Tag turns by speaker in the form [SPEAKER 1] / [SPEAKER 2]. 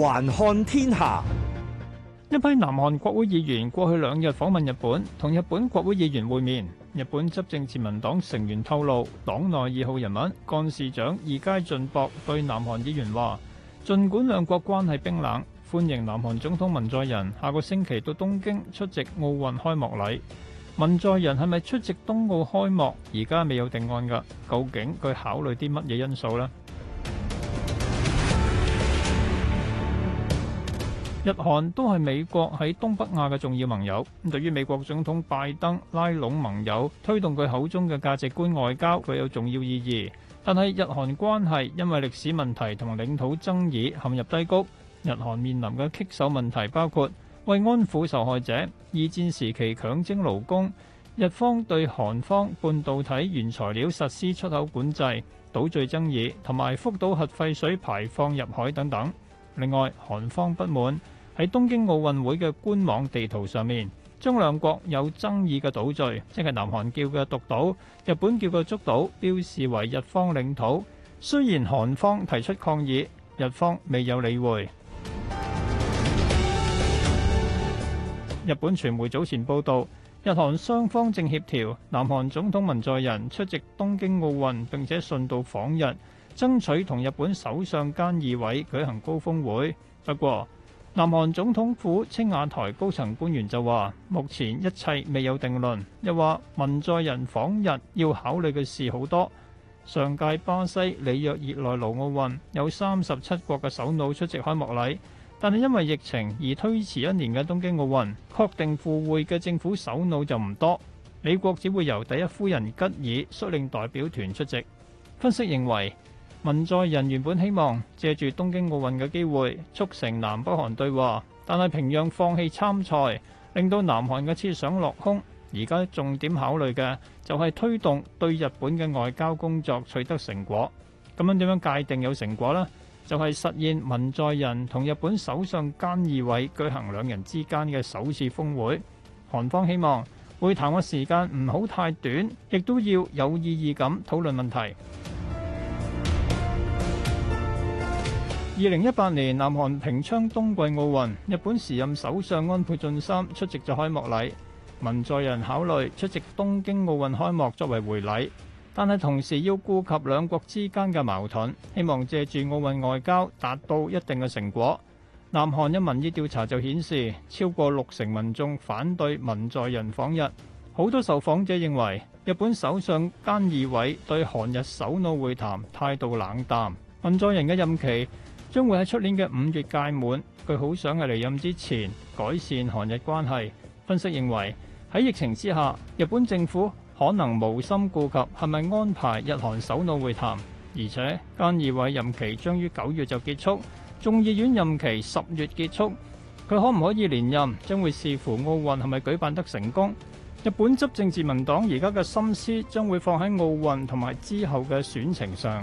[SPEAKER 1] 環看天下，一批南韓國會議員過去兩日訪問日本，同日本國會議員會面。日本執政自民黨成員透露，黨內二號人物幹事長二階俊博對南韓議員話：儘管兩國關係冰冷，歡迎南韓總統文在寅下個星期到東京出席奧運開幕禮。文在寅係咪出席東奧開幕？而家未有定案㗎，究竟佢考慮啲乜嘢因素呢？日韓都係美國喺東北亞嘅重要盟友，咁對於美國總統拜登拉攏盟友推動佢口中嘅價值觀外交，佢有重要意義。但係日韓關係因為歷史問題同領土爭議陷入低谷，日韓面臨嘅棘手問題包括慰安婦受害者、二戰時期強徵勞工、日方對韓方半導體原材料實施出口管制、島嶼爭議同埋福島核廢水排放入海等等。另外，韓方不滿，喺東京奧運會嘅官網地圖上面，將兩國有爭議嘅島嶼，即係南韓叫嘅獨島，日本叫嘅竹島，標示為日方領土。雖然韓方提出抗議，日方未有理會。日本傳媒早前報道，日韓雙方正協調，南韓總統文在寅出席東京奧運，並且順道訪日，爭取同日本首相菅義偉舉行高峯會。不過，南韓總統府青瓦台高層官員就話：目前一切未有定論。又話文在寅訪日要考慮嘅事好多。上屆巴西里約熱內盧奧運有三十七國嘅首腦出席開幕禮，但係因為疫情而推遲一年嘅東京奧運，確定赴會嘅政府首腦就唔多。美國只會由第一夫人吉爾率領代表團出席。分析認為，文在寅原本希望借住東京奧運嘅機會促成南北韓對話，但係平壤放棄參賽，令到南韓嘅設想落空。而家重點考慮嘅就係推動對日本嘅外交工作取得成果。咁樣點樣界定有成果咧？就係實現文在寅同日本首相菅義偉舉行兩人之間嘅首次峰會。韓方希望會談嘅時間唔好太短，亦都要有意義咁討論問題。二零一八年南韓平昌冬季奧運，日本時任首相安倍晉三出席咗開幕禮。文在寅考慮出席東京奧運開幕作為回禮，但係同時要顧及兩國之間嘅矛盾，希望借住奧運外交達到一定嘅成果。南韓一民意調查就顯示，超過六成民眾反對文在寅訪日。好多受訪者認為，日本首相菅義偉對韓日首腦會談態度冷淡。文在寅嘅任期。將會喺出年嘅五月屆滿，佢好想喺離任之前改善韓日關係。分析認為喺疫情之下，日本政府可能無心顧及係咪安排日韓首腦會談，而且菅義偉任期將於九月就結束，眾議院任期十月結束，佢可唔可以連任將會視乎奧運係咪舉辦得成功。日本執政自民黨而家嘅心思將會放喺奧運同埋之後嘅選情上。